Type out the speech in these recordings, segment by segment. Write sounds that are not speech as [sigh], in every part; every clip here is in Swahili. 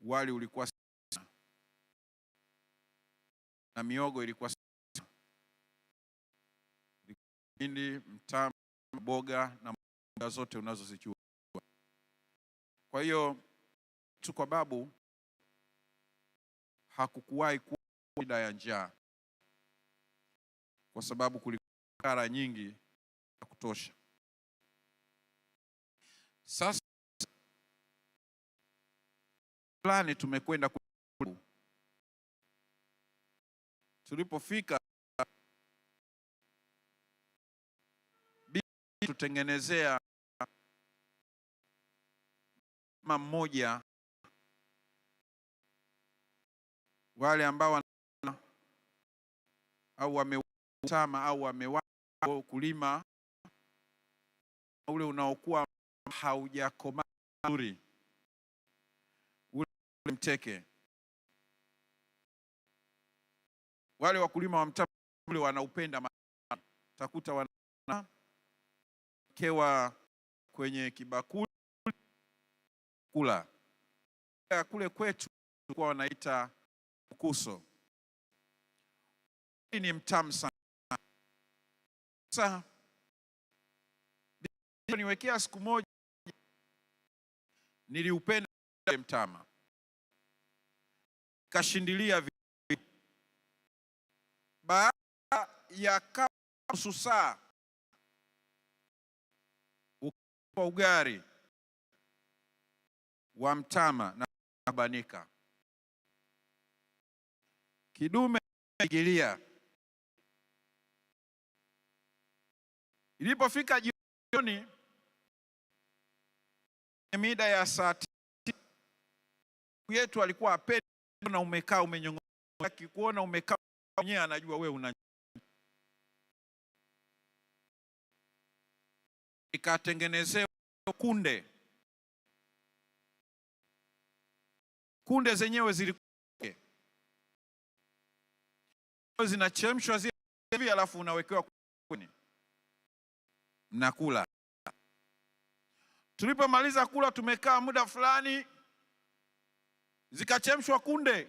wali ulikuwa sana na miogo ilikuwa sana, mtama, boga na mboga zote unazozijua. Kwa hiyo tu kwa babu hakukuwahi kuwa shida ya njaa, kwa sababu kulikuwa kara nyingi ya kutosha. Sasa fulani tumekwenda tulipofika tutengenezea mama mmoja wale ambao wana au wametama au wamewa kulima ule unaokuwa haujakomaa vizuri mteke. Wale wakulima wa mtaa wanaupenda, takuta wanakewa kwenye kibakuli kula. Kule kwetu kwa wanaita mkuso. Hii ni mtamu sana. Sasa niwekea siku moja, niliupenda mtama kashindilia vita. Baada ya kama nusu saa ugari wa mtama na Abanika kidume igilia. Ilipofika jioni mida ya saa yetu alikuwa apeni na umekaa umenyongoka, akikuona umekaa mwenyewe anajua wewe una ikatengenezewa kunde. Kunde zenyewe zilikuwa zinachemshwa hivi, alafu unawekewa kwenye mnakula. Tulipomaliza kula, tumekaa muda fulani zikachemshwa kunde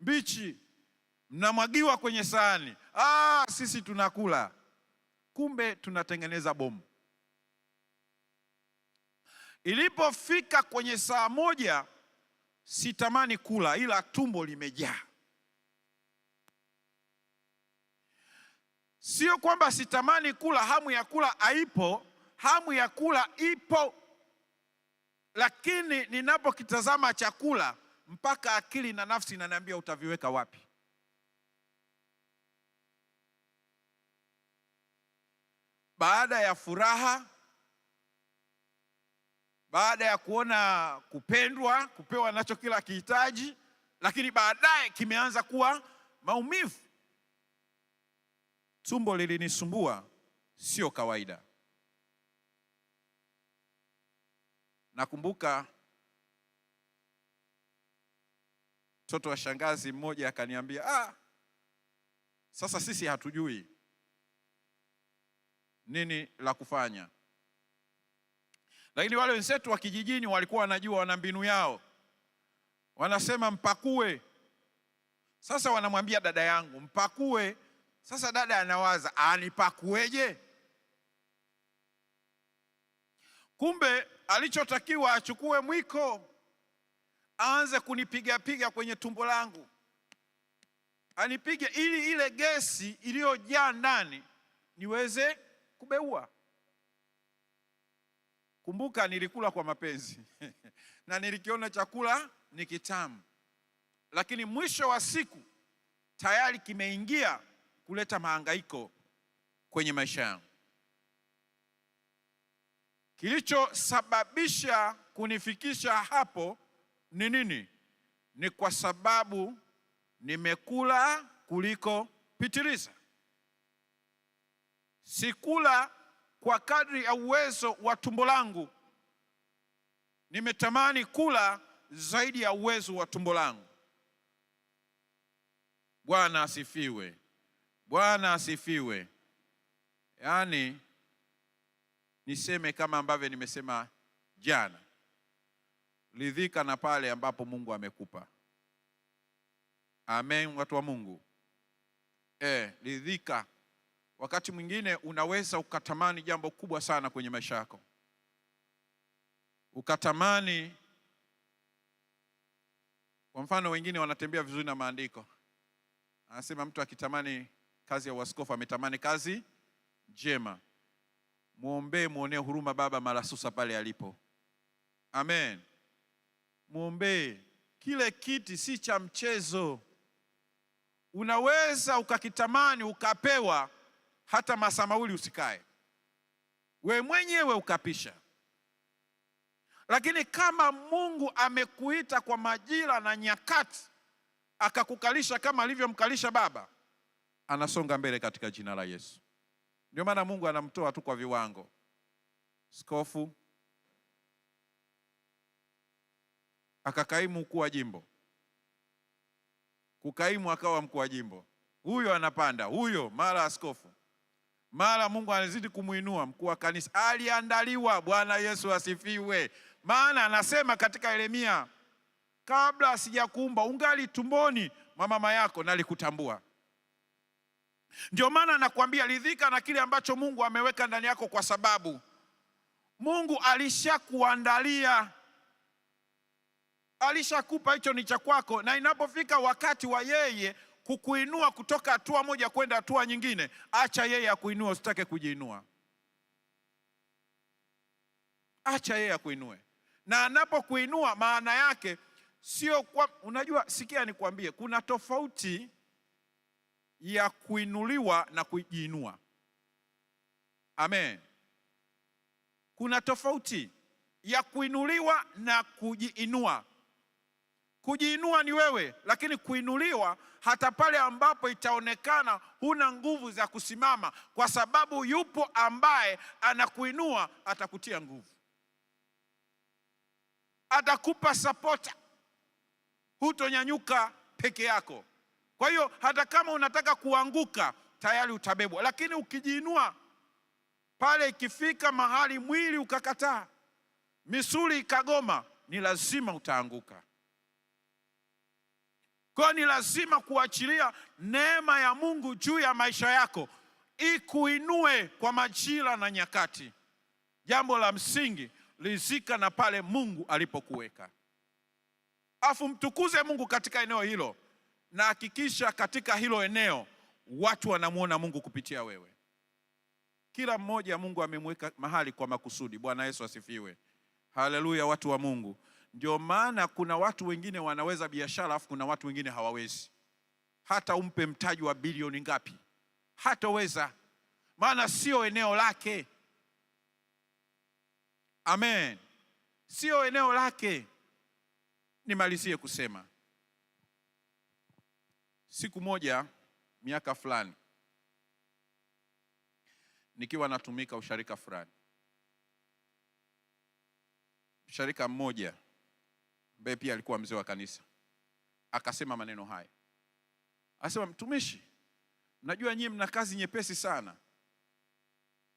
mbichi, mnamwagiwa kwenye sahani. Ah, sisi tunakula, kumbe tunatengeneza bomu. Ilipofika kwenye saa moja, sitamani kula, ila tumbo limejaa. Sio kwamba sitamani kula, hamu ya kula haipo, hamu ya kula ipo lakini ninapokitazama chakula mpaka akili na nafsi inaniambia utaviweka wapi? Baada ya furaha, baada ya kuona kupendwa, kupewa nacho kila kihitaji, lakini baadaye kimeanza kuwa maumivu. Tumbo lilinisumbua, sio kawaida. Nakumbuka mtoto wa shangazi mmoja akaniambia, ah, sasa sisi hatujui nini la kufanya, lakini wale wenzetu wa kijijini walikuwa wanajua, wana mbinu yao, wanasema mpakue. Sasa wanamwambia dada yangu mpakue. Sasa dada anawaza, anipakueje? Kumbe alichotakiwa achukue mwiko aanze kunipigapiga kwenye tumbo langu, anipige ili ile gesi iliyojaa ndani niweze kubeua. Kumbuka nilikula kwa mapenzi [laughs] na nilikiona chakula ni kitamu, lakini mwisho wa siku tayari kimeingia kuleta mahangaiko kwenye maisha yangu. Kilichosababisha kunifikisha hapo ni nini? Ni kwa sababu nimekula kuliko pitiliza. Sikula kwa kadri ya uwezo wa tumbo langu, nimetamani kula zaidi ya uwezo wa tumbo langu. Bwana asifiwe! Bwana asifiwe! Yaani niseme kama ambavyo nimesema jana, ridhika na pale ambapo Mungu amekupa. Amen, watu wa Mungu. Eh, ridhika. Wakati mwingine unaweza ukatamani jambo kubwa sana kwenye maisha yako, ukatamani kwa mfano, wengine wanatembea vizuri na maandiko, anasema mtu akitamani kazi ya uaskofu ametamani kazi njema. Mwombee, mwonee huruma baba Malasusa pale alipo. Amen, mwombee. Kile kiti si cha mchezo. Unaweza ukakitamani ukapewa hata masamauli usikae, we mwenyewe ukapisha. Lakini kama Mungu amekuita kwa majira na nyakati, akakukalisha kama alivyomkalisha baba, anasonga mbele katika jina la Yesu. Ndio maana Mungu anamtoa tu kwa viwango. Skofu akakaimu mkuu wa jimbo, kukaimu akawa mkuu wa jimbo, huyo anapanda, huyo mara askofu, mara Mungu anazidi kumwinua mkuu wa kanisa. Aliandaliwa. Bwana Yesu asifiwe! Maana anasema katika Yeremia, kabla sijakuumba ungali tumboni mwa mama yako nalikutambua. Ndio maana nakwambia ridhika na kile ambacho Mungu ameweka ndani yako, kwa sababu Mungu alishakuandalia, alishakupa hicho ni cha kwako, na inapofika wakati wa yeye kukuinua kutoka hatua moja kwenda hatua nyingine, acha yeye akuinue, usitake kujiinua. Acha yeye akuinue, na anapokuinua maana yake sio kwa, unajua, sikia nikwambie, kuna tofauti ya kuinuliwa na kujiinua. Amen. Kuna tofauti ya kuinuliwa na kujiinua. Kujiinua ni wewe, lakini kuinuliwa hata pale ambapo itaonekana huna nguvu za kusimama, kwa sababu yupo ambaye anakuinua, atakutia nguvu, atakupa sapota, hutonyanyuka peke yako. Kwa hiyo hata kama unataka kuanguka tayari utabebwa, lakini ukijiinua pale, ikifika mahali mwili ukakataa, misuli ikagoma, ni lazima utaanguka. Kwa hiyo ni lazima kuachilia neema ya Mungu juu ya maisha yako ikuinue kwa majira na nyakati. Jambo la msingi, lizika na pale Mungu alipokuweka, afu mtukuze Mungu katika eneo hilo na hakikisha katika hilo eneo watu wanamwona Mungu kupitia wewe. Kila mmoja Mungu amemweka mahali kwa makusudi. Bwana Yesu asifiwe, haleluya, watu wa Mungu. Ndio maana kuna watu wengine wanaweza biashara, afu kuna watu wengine hawawezi. Hata umpe mtaji wa bilioni ngapi, hataweza, maana sio eneo lake. Amen, sio eneo lake. Nimalizie kusema Siku moja miaka fulani, nikiwa natumika usharika fulani, msharika mmoja ambaye pia alikuwa mzee wa kanisa akasema maneno haya, asema, mtumishi, najua nyie mna kazi nyepesi sana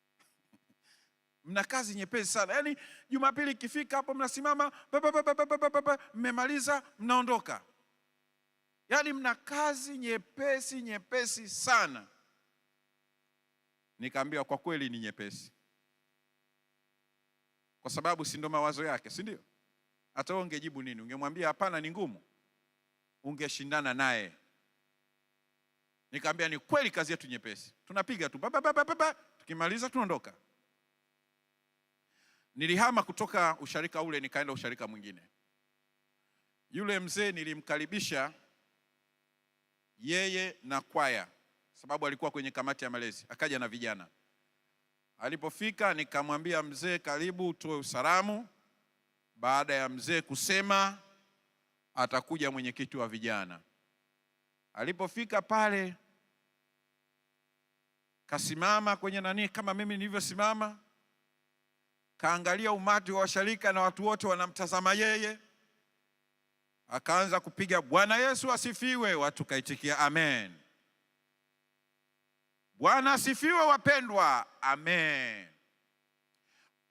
[laughs] mna kazi nyepesi sana yaani, Jumapili ikifika hapo mnasimama, mmemaliza mnaondoka. Yaani mna kazi nyepesi nyepesi sana. Nikaambiwa kwa kweli ni nyepesi, kwa sababu si ndo mawazo yake, si ndio? Hata huo ungejibu nini? Ungemwambia hapana, ni ngumu? Ungeshindana naye. Nikaambia ni kweli, kazi yetu nyepesi, tunapiga tu baba baba baba, tukimaliza tunaondoka. Nilihama kutoka usharika ule nikaenda usharika mwingine. Yule mzee nilimkaribisha yeye na kwaya, sababu alikuwa kwenye kamati ya malezi. Akaja na vijana. Alipofika nikamwambia mzee, karibu utoe usalamu. Baada ya mzee kusema, atakuja mwenyekiti wa vijana. Alipofika pale kasimama kwenye nani, kama mimi nilivyosimama, kaangalia umati wa washarika na watu wote wanamtazama yeye akaanza kupiga Bwana Yesu asifiwe, watu kaitikia amen. Bwana asifiwe wapendwa, amen.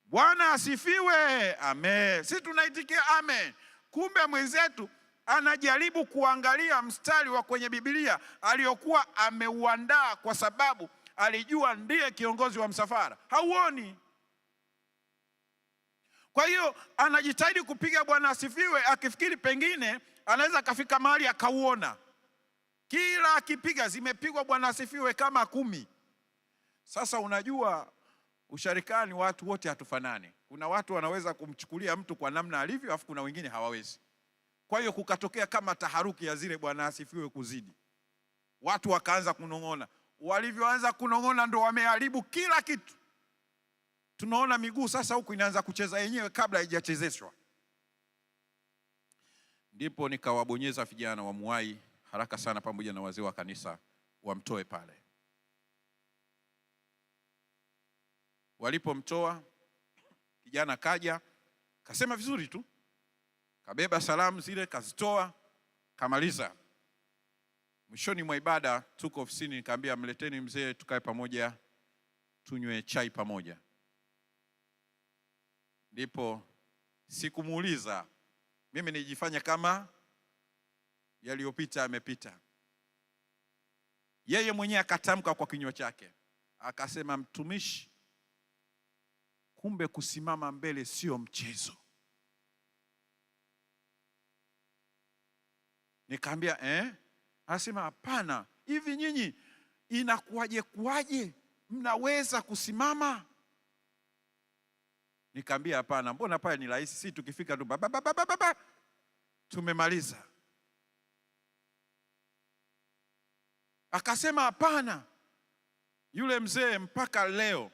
Bwana asifiwe, amen. si tunaitikia amen, kumbe mwenzetu anajaribu kuangalia mstari wa kwenye Biblia aliyokuwa ameuandaa kwa sababu alijua ndiye kiongozi wa msafara. Hauoni? Kwa hiyo anajitahidi kupiga Bwana asifiwe, akifikiri pengine anaweza akafika mahali akauona. Kila akipiga zimepigwa Bwana asifiwe kama kumi. Sasa unajua usharikani watu wote hatufanani. Kuna watu wanaweza kumchukulia mtu kwa namna alivyo, alafu kuna wengine hawawezi. Kwa hiyo kukatokea kama taharuki ya zile Bwana asifiwe kuzidi, watu wakaanza kunong'ona. Walivyoanza kunong'ona ndo wameharibu kila kitu tunaona miguu sasa huku inaanza kucheza yenyewe kabla haijachezeshwa. Ndipo nikawabonyeza vijana wa Muhai haraka sana, pamoja na wazee wa kanisa wamtoe pale. Walipomtoa kijana kaja, kasema vizuri tu, kabeba salamu zile kazitoa, kamaliza. Mwishoni mwa ibada, tuko ofisini, nikaambia mleteni mzee tukae pamoja tunywe chai pamoja ndipo sikumuuliza mimi, nijifanya kama yaliyopita yamepita. Yeye mwenyewe akatamka kwa kinywa chake akasema, mtumishi, kumbe kusimama mbele sio mchezo. Nikaambia eh? Anasema hapana, hivi nyinyi inakuwaje kuwaje mnaweza kusimama Nikaambia hapana, mbona pale ni rahisi, si tukifika tu tumemaliza. Akasema hapana. Yule mzee mpaka leo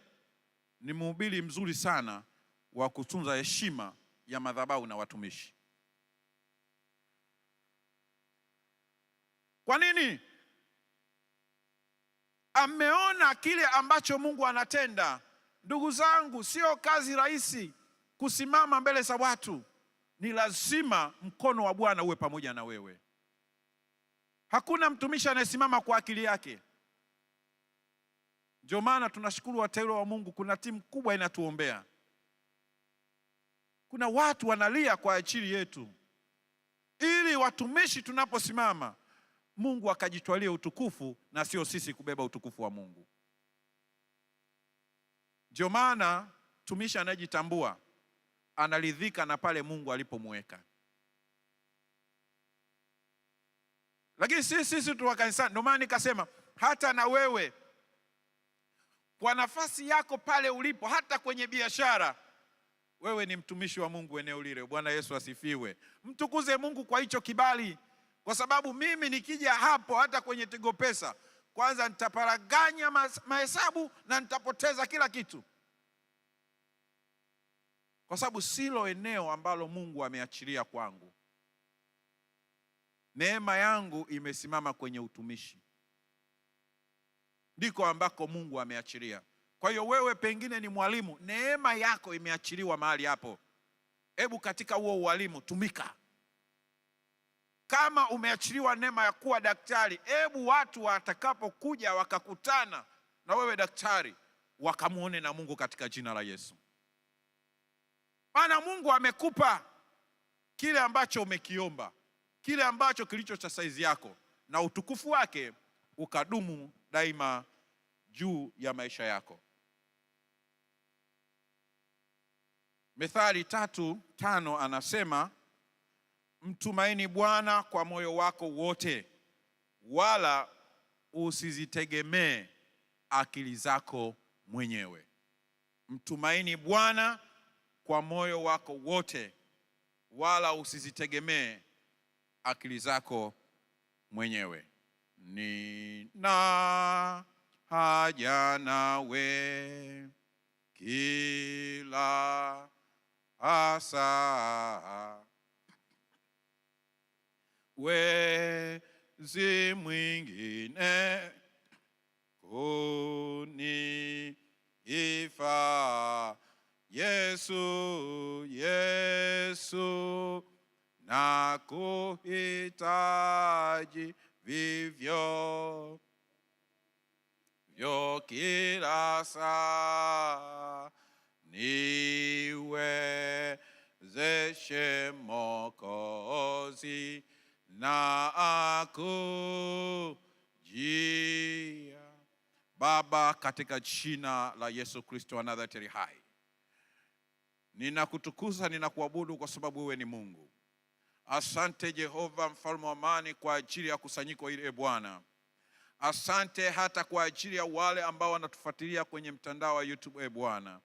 ni mhubiri mzuri sana wa kutunza heshima ya madhabahu na watumishi. Kwa nini? Ameona kile ambacho Mungu anatenda Ndugu zangu, sio kazi rahisi kusimama mbele za watu. Ni lazima mkono wa Bwana uwe pamoja na wewe. Hakuna mtumishi anayesimama kwa akili yake. Ndio maana tunashukuru wateule wa Mungu, kuna timu kubwa inatuombea, kuna watu wanalia kwa ajili yetu, ili watumishi tunaposimama Mungu akajitwalie utukufu na sio sisi kubeba utukufu wa Mungu. Ndio maana mtumishi anayejitambua analidhika na pale Mungu alipomweka. Lakini sisi sisi tu wa ndio maana nikasema hata na wewe kwa nafasi yako pale ulipo, hata kwenye biashara, wewe ni mtumishi wa Mungu eneo lile. Bwana Yesu asifiwe. Mtukuze Mungu kwa hicho kibali, kwa sababu mimi nikija hapo, hata kwenye Tigo Pesa kwanza nitaparaganya mahesabu na nitapoteza kila kitu, kwa sababu silo eneo ambalo Mungu ameachilia kwangu. Neema yangu imesimama kwenye utumishi, ndiko ambako Mungu ameachilia. Kwa hiyo wewe pengine ni mwalimu, neema yako imeachiliwa mahali hapo. Hebu katika huo ualimu tumika. Kama umeachiliwa neema ya kuwa daktari, hebu watu watakapokuja wakakutana na wewe daktari, wakamwone na Mungu katika jina la Yesu, maana Mungu amekupa kile ambacho umekiomba, kile ambacho kilicho cha saizi yako, na utukufu wake ukadumu daima juu ya maisha yako. Methali tatu tano anasema Mtumaini Bwana kwa moyo wako wote, wala usizitegemee akili zako mwenyewe. Mtumaini Bwana kwa moyo wako wote, wala usizitegemee akili zako mwenyewe. Nina haja nawe kila asaa we zimwingine kuni ifa Yesu, Yesu na kuhitaji vivyo vyo kila saa niwe na akujia. Baba, katika jina la Yesu Kristo wa Nazareti hai, ninakutukuza ninakuabudu kwa sababu wewe ni Mungu. Asante Jehova, mfalme wa amani, kwa ajili ya kusanyiko hili. E Bwana, asante hata kwa ajili ya wale ambao wanatufuatilia kwenye mtandao wa YouTube. E Bwana,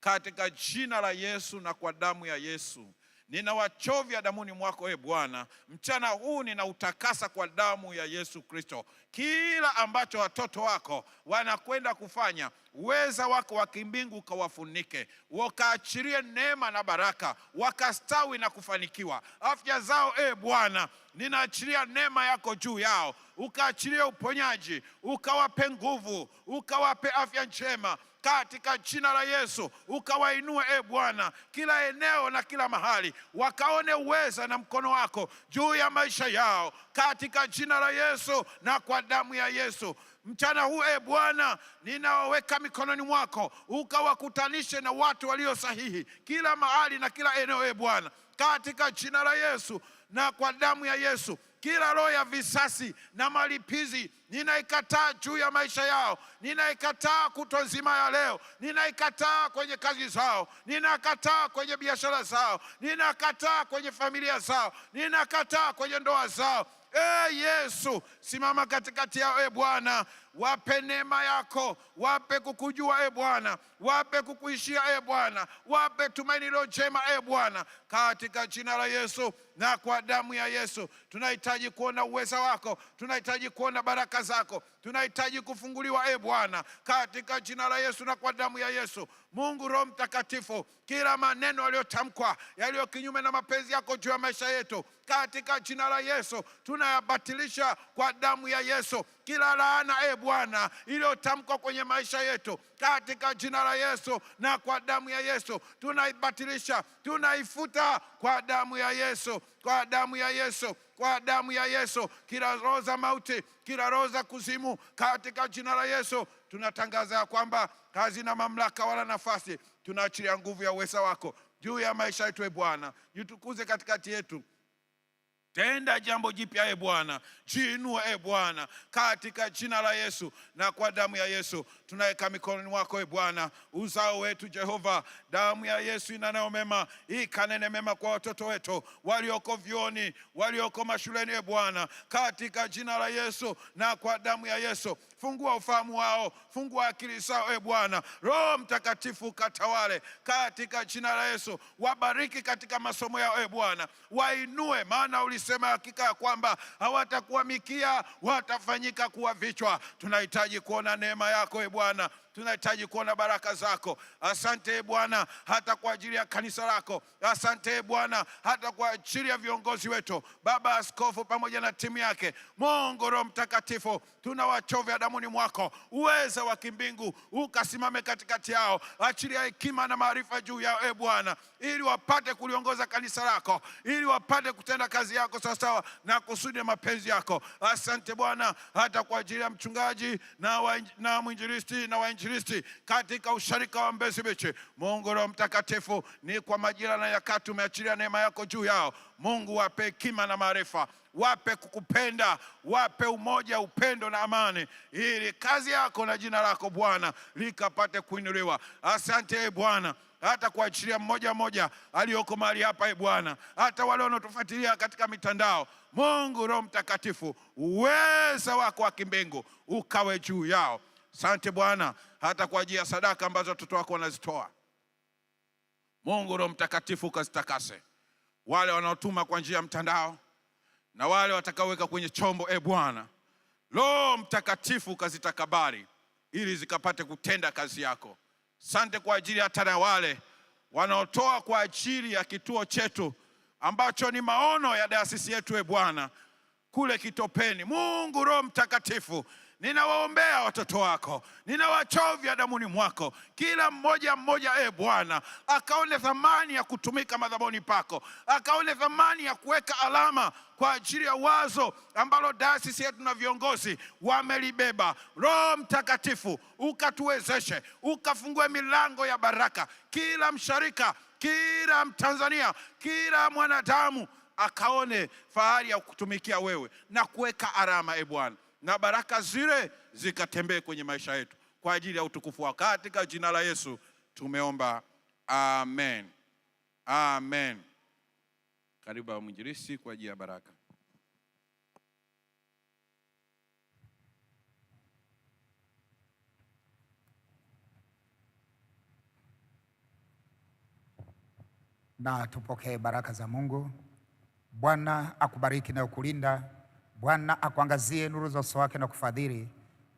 katika jina la Yesu na kwa damu ya Yesu ninawachovya damuni mwako e Bwana. Mchana huu ninautakasa kwa damu ya Yesu Kristo. Kila ambacho watoto wako wanakwenda kufanya, uweza wako wa kimbingu ukawafunike, wakaachirie neema na baraka, wakastawi na kufanikiwa. Afya zao e Bwana, ninaachiria neema yako juu yao, ukaachirie uponyaji, ukawape nguvu, ukawape afya njema katika jina la Yesu, ukawainue e Bwana, kila eneo na kila mahali, wakaone uweza na mkono wako juu ya maisha yao katika jina la Yesu na kwa damu ya Yesu. Mchana huu e Bwana, ninawaweka mikononi mwako, ukawakutanishe na watu walio sahihi kila mahali na kila eneo e Bwana, katika jina la Yesu na kwa damu ya Yesu. Kila roho ya visasi na malipizi ninaikataa juu ya maisha yao, ninaikataa kutozima ya leo, ninaikataa kwenye kazi zao, ninakataa kwenye biashara zao, ninakataa kwenye familia zao, ninakataa kwenye ndoa zao. E Yesu, simama katikati yao, e Bwana. Wape neema yako, wape kukujua e Bwana, wape kukuishia e Bwana, wape tumaini lilo jema e Bwana, katika jina la Yesu na kwa damu ya Yesu. Tunahitaji kuona uweza wako, tunahitaji kuona baraka zako, tunahitaji kufunguliwa e Bwana, katika jina la Yesu na kwa damu ya Yesu. Mungu Roho Mtakatifu, kila maneno yaliyotamkwa yaliyo kinyume na mapenzi yako juu ya maisha yetu, katika jina la Yesu tunayabatilisha kwa damu ya Yesu, kila laana e Bwana iliyotamkwa kwenye maisha yetu katika jina la Yesu na kwa damu ya Yesu tunaibatilisha, tunaifuta kwa damu ya Yesu, kwa damu ya Yesu, kwa damu ya Yesu, kila roho za mauti, kila roho za kuzimu, katika jina la Yesu tunatangaza ya kwamba hazina mamlaka wala nafasi. Tunaachilia nguvu ya uweza wako juu ya maisha yetu. E Bwana, jitukuze katikati yetu. Tenda jambo jipya, e Bwana, jiinue ee e Bwana, katika jina la Yesu na kwa damu ya Yesu tunaweka mikononi mwako e Bwana, uzao wetu Jehova. Damu ya Yesu inanayo mema, ikanene mema kwa watoto wetu walioko vyoni, walioko mashuleni e Bwana, katika jina la Yesu na kwa damu ya Yesu. Fungua ufahamu wao, fungua akili zao e Bwana. Roho Mtakatifu katawale katika jina la Yesu, wabariki katika masomo yao e Bwana, wainue maana alisema hakika ya kwamba hawatakuwa mikia, watafanyika kuwa vichwa. Tunahitaji kuona neema yako e Bwana tunahitaji kuona baraka zako. Asante Bwana hata kwa ajili ya kanisa lako. Asante Bwana hata kwa ajili ya viongozi wetu, Baba Askofu pamoja na timu yake. Mungu Roho Mtakatifu, tunawachovya damuni mwako, uweza wa kimbingu ukasimame katikati yao, achilia hekima na maarifa juu yao, e Bwana, ili wapate kuliongoza kanisa lako, ili wapate kutenda kazi yako sawasawa na kusudi mapenzi yako. Asante Bwana hata kwa ajili ya mchungaji na, na mwinjilisti na wainjilisti Kristi katika usharika wa Mbezi Beach. Mungu Roho Mtakatifu, ni kwa majira na nyakati umeachilia neema yako juu yao. Mungu wape hekima na maarifa, wape kukupenda, wape umoja, upendo na amani, ili kazi yako na jina lako Bwana likapate kuinuliwa. Asante e Bwana hata kuachilia mmoja mmoja aliyoko mahali hapa, e Bwana, hata wale wanaotufuatilia katika mitandao. Mungu Roho Mtakatifu, uweza wako wa kimbingu ukawe juu yao. Asante Bwana hata kwa ajili ya sadaka ambazo watoto wako wanazitoa. Mungu Roho Mtakatifu ukazitakase wale wanaotuma kwa njia ya mtandao na wale watakaoweka kwenye chombo. E Bwana Roho Mtakatifu ukazitakabari ili zikapate kutenda kazi yako. Sante kwa ajili hata na wale wanaotoa kwa ajili ya kituo chetu ambacho ni maono ya dayosisi yetu. E Bwana kule Kitopeni, Mungu Roho Mtakatifu ninawaombea watoto wako, ninawachovya damuni mwako, kila mmoja mmoja, e Bwana, akaone thamani ya kutumika madhaboni pako, akaone thamani ya kuweka alama kwa ajili ya wazo ambalo taasisi yetu na viongozi wamelibeba. Roho Mtakatifu, ukatuwezeshe, ukafungue milango ya baraka, kila msharika, kila Mtanzania, kila mwanadamu akaone fahari ya kutumikia wewe na kuweka alama, e Bwana na baraka zile zikatembee kwenye maisha yetu kwa ajili ya utukufu wa katika jina la Yesu tumeomba amen. Amen. Karibu wa kwa ajili ya baraka. Na tupokee baraka za Mungu. Bwana akubariki na ukulinda Bwana akuangazie nuru za uso wake na kufadhili.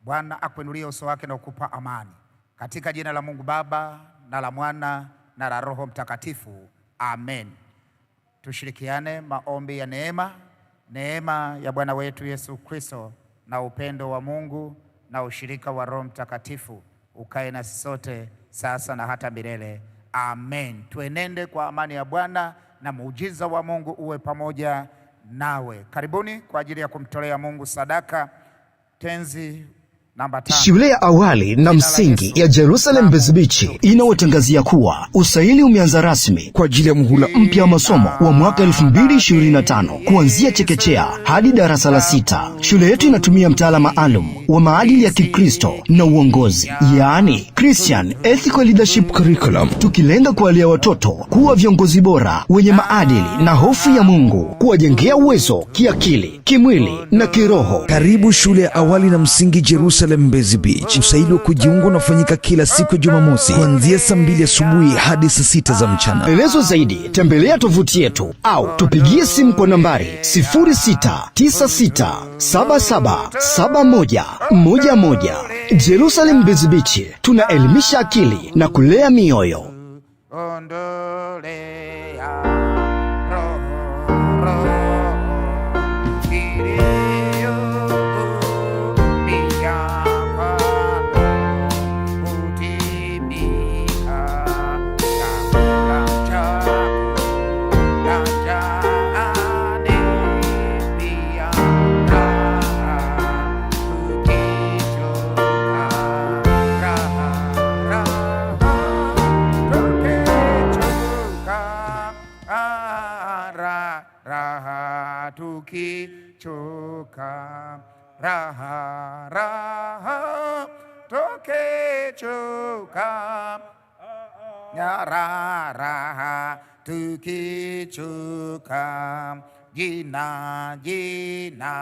Bwana akuinulie uso wake na kukupa amani. Katika jina la Mungu Baba na la Mwana na la Roho Mtakatifu, amen. Tushirikiane maombi ya neema. Neema ya Bwana wetu Yesu Kristo na upendo wa Mungu na ushirika wa Roho Mtakatifu ukae na sote sasa na hata milele. Amen. Tuenende kwa amani ya Bwana na muujiza wa Mungu uwe pamoja nawe. Karibuni kwa ajili ya kumtolea Mungu sadaka tenzi Shule ya awali na msingi ya Jerusalem Bezibichi inawatangazia kuwa usaili umeanza rasmi kwa ajili ya muhula mpya wa masomo wa mwaka 2025 kuanzia chekechea hadi darasa la sita. Shule yetu inatumia mtaala maalum wa maadili ya Kikristo na uongozi, yaani Christian Ethical Leadership Curriculum, tukilenga kualia watoto kuwa viongozi bora wenye maadili na hofu ya Mungu, kuwajengea uwezo kiakili, kimwili na kiroho. Karibu shule ya awali na msingi Jerusalem Jerusalem Mbezi Beach. Usaili wa kujiunga unafanyika kila siku ya Jumamosi kuanzia saa mbili asubuhi hadi saa sita za mchana. Maelezo zaidi tembelea tovuti yetu au tupigie simu kwa nambari 0696777111. Jerusalem Mbezi Beach, tunaelimisha akili na kulea mioyo. Ondolea. ราราโุกคชูคายาราราทุกิชูคายินายินา